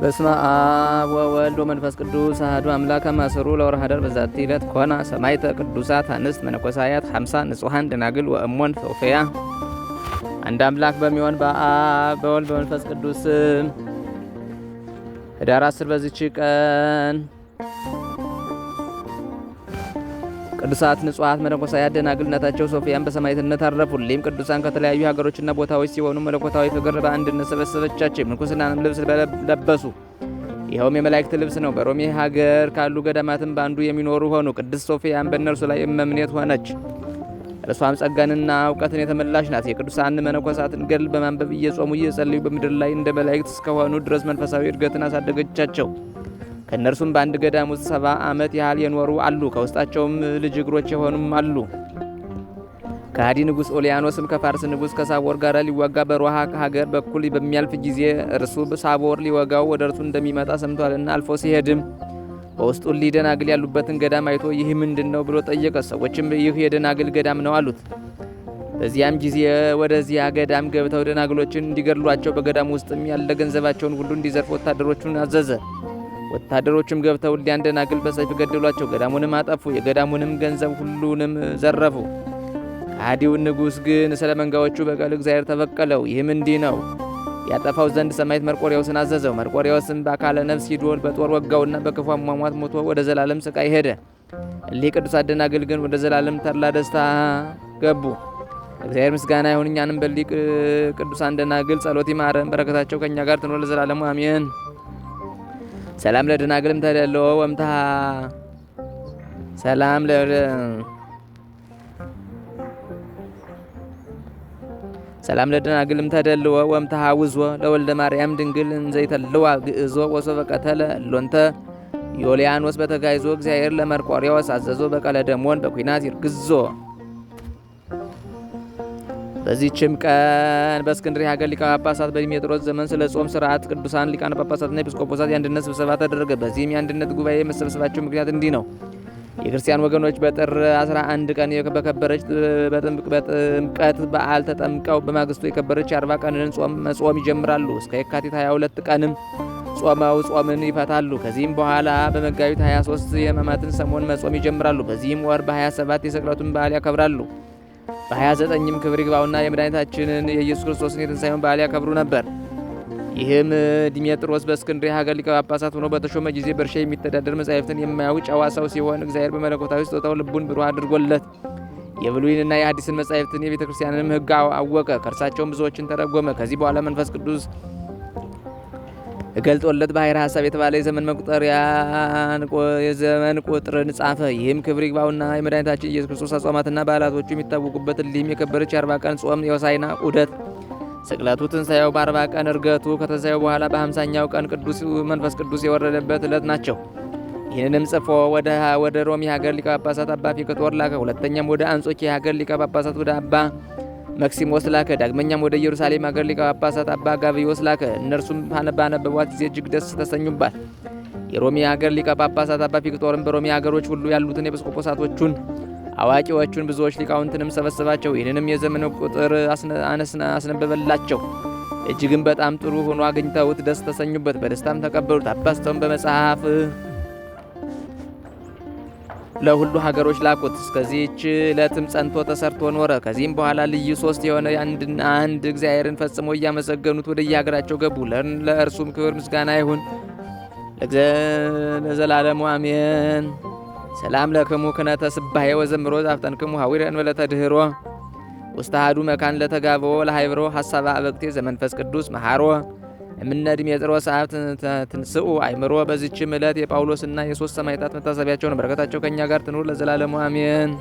በስመ አብ ወወልድ ወመንፈስ ቅዱስ አሐዱ አምላክ አማሰሩ ለወርሃ ኅዳር በዛቲ ዕለት ኮና ሰማዕተ ቅዱሳት አንስት መነኮሳያት ሃምሳ ንጹሐን ደናግል ወእሞን ፈውፈያ። አንድ አምላክ በሚሆን በአብ በወልድ በመንፈስ ቅዱስ ኅዳር አስር በዚች ቀን ቅዱሳት ንጹሐት መነኮሳዊ አደናግልነታቸው ሶፊያን በሰማዕትነት አረፉ። ሊም ቅዱሳን ከተለያዩ ሀገሮችና ቦታዎች ሲሆኑ መለኮታዊ ፍቅር በአንድነት ሰበሰበቻቸው። የምንኩስናንም ልብስ ለበሱ። ይኸውም የመላእክት ልብስ ነው። በሮሜ ሀገር ካሉ ገዳማትም በአንዱ የሚኖሩ ሆኑ። ቅድስት ሶፊያን በእነርሱ ላይ እመምኔት ሆነች። እርሷም ጸጋንና እውቀትን የተመላሽ ናት። የቅዱሳን መነኮሳትን ገድል በማንበብ እየጾሙ እየጸለዩ በምድር ላይ እንደ መላእክት እስከሆኑ ድረስ መንፈሳዊ እድገትን አሳደገቻቸው። ከእነርሱም በአንድ ገዳም ውስጥ ሰባ ዓመት ያህል የኖሩ አሉ። ከውስጣቸውም ልጅ እግሮች የሆኑም አሉ። ከሃዲ ንጉሥ ኦሊያኖስም ከፋርስ ንጉሥ ከሳቦር ጋር ሊዋጋ በሮሃ ሀገር በኩል በሚያልፍ ጊዜ እርሱ ሳቦር ሊወጋው ወደ እርሱ እንደሚመጣ ሰምቷልና አልፎ ሲሄድም በውስጡ ሊደናግል ያሉበትን ገዳም አይቶ ይህ ምንድን ነው ብሎ ጠየቀ። ሰዎችም ይህ የደናግል ገዳም ነው አሉት። በዚያም ጊዜ ወደዚያ ገዳም ገብተው ደናግሎችን እንዲገድሏቸው በገዳም ውስጥም ያለ ገንዘባቸውን ሁሉ እንዲዘርፍ ወታደሮቹን አዘዘ። ወታደሮቹም ገብተው እሊያን ደናግል በሰይፍ ገደሏቸው። ገዳሙንም አጠፉ፣ የገዳሙንም ገንዘብ ሁሉንም ዘረፉ። ከሃዲውን ንጉሥ ግን ስለ መንጋዎቹ በቀል እግዚአብሔር ተበቀለው። ይህም እንዲህ ነው ያጠፋው ዘንድ ሰማዕት መርቆሪያውስን አዘዘው። መርቆሬዎስም በአካለ ነፍስ ሂዶ በጦር ወጋውና በክፉ አሟሟት ሞቶ ወደ ዘላለም ስቃይ ሄደ። እሊህ ቅዱስ አደናግል ግን ወደ ዘላለም ተድላ ደስታ ገቡ። እግዚአብሔር ምስጋና ይሁን። እኛንም በሊቅ ቅዱሳን ደናግል ጸሎት ይማረን። በረከታቸው ከእኛ ጋር ትኖር ለዘላለሙ አሜን። ሰላም ለደናግልም ተደሎ ወምታ ሰላም ለ ሰላም ለደናግልም ተደልወ ወምተሃውዝወ ለወልደ ማርያም ድንግል እንዘይተልዋ ግእዞ ወሶ በቀተለ ሎንተ ዮልያኖስ በተጋይዞ እግዚአብሔር ለመርቆሪዎስ አዘዞ በቀለ ደሞን በኩናት ይርግዞ በዚህችም ቀን በእስክንድርያ ሀገር ሊቃነ ጳጳሳት በዲሜጥሮስ ዘመን ስለ ጾም ስርዓት ቅዱሳን ሊቃነ ጳጳሳትና ኤጲስቆጶሳት የአንድነት ስብሰባ ተደረገ። በዚህም የአንድነት ጉባኤ መሰብሰባቸው ምክንያት እንዲህ ነው። የክርስቲያን ወገኖች በጥር 11 ቀን በከበረች በጥምቀት በዓል ተጠምቀው በማግስቱ የከበረች የአርባ ቀንን ጾም መጾም ይጀምራሉ። እስከ የካቲት 22 ቀንም ጾመው ጾምን ይፈታሉ። ከዚህም በኋላ በመጋቢት 23 የሕማማትን ሰሞን መጾም ይጀምራሉ። በዚህም ወር በ27 የስቅለቱን በዓል ያከብራሉ። በ29ም ክብር ይግባውና የመድኃኒታችንን የኢየሱስ ክርስቶስን የትንሣኤውን በዓል ያከብሩ ነበር። ይህም ዲሜጥሮስ በእስክንድርያ ሀገር ሊቀ ጳጳሳት ሆኖ በተሾመ ጊዜ በእርሻ የሚተዳደር መጻሕፍትን የማያውቅ ጨዋ ሰው ሲሆን እግዚአብሔር በመለኮታዊ ስጦታው ልቡን ብሩህ አድርጎለት የብሉይንና የአዲስን መጻሕፍትን የቤተ ክርስቲያንንም ሕግ አወቀ። ከእርሳቸውም ብዙዎችን ተረጎመ። ከዚህ በኋላ መንፈስ ቅዱስ እገልጦለት ባሕረ ሐሳብ የተባለ የዘመን መቁጠሪያን የዘመን ቁጥርን ጻፈ። ይህም ክብር ይግባውና የመድኃኒታችን ኢየሱስ ክርስቶስ አጽዋማትና በዓላቶቹ የሚታወቁበት እሊህም የከበረች የአርባ ቀን ጾም፣ የሆሳዕና ዑደት፣ ስቅለቱ፣ ትንሣኤው፣ በአርባ ቀን እርገቱ፣ ከትንሣኤው በኋላ በሀምሳኛው ቀን ቅዱስ መንፈስ ቅዱስ የወረደበት ዕለት ናቸው። ይህንንም ጽፎ ወደ ሮም የሀገር ሊቀ ጳጳሳት አባ ፊቅጦር ላከ። ሁለተኛም ወደ አንጾኪያ የሀገር ሊቀ ጳጳሳት ወደ አባ መክሲሞስ ላከ። ዳግመኛም ወደ ኢየሩሳሌም አገር ሊቀ ጳጳሳት አባ ጋብዮስ ላከ። እነርሱም ባነበቧት ጊዜ እጅግ ደስ ተሰኙባት። የሮሚ አገር ሊቀ ጳጳሳት አባ ፊቅጦርም በሮሚ አገሮች ሁሉ ያሉትን ኤጲስቆጶሳቶቹን አዋቂዎቹን ብዙዎች ሊቃውንትንም ሰበሰባቸው። ይህንንም የዘመን ቁጥር አስነበበላቸው። እጅግም በጣም ጥሩ ሆኖ አግኝተውት ደስ ተሰኙበት፣ በደስታም ተቀበሉት። አባስተውን በመጽሐፍ ለሁሉ ሀገሮች ላኩት። እስከዚህች ዕለትም ጸንቶ ተሰርቶ ኖረ። ከዚህም በኋላ ልዩ ሶስት የሆነ አንድና አንድ እግዚአብሔርን ፈጽሞ እያመሰገኑት ወደ የሀገራቸው ገቡ። ለእርሱም ክብር ምስጋና ይሁን ለዘላለሙ አሜን። ሰላም ለክሙ ክነተ ስባሄ ወዘምሮ ዛፍጠንክሙ ሀዊረን በለተ ውስተ አሐዱ መካን ለተጋበዎ ለሃይብሮ ሀሳብ አበቅቴ ዘመንፈስ ቅዱስ መሃሮ እምነድም የጥሮስ ሀብት ትንስኡ አይምሮ በዚችም ዕለት የጳውሎስና የሶስት ሰማዕታት መታሰቢያቸው ነው። በረከታቸው ከእኛ ጋር ትኑር ለዘላለሙ አሜን።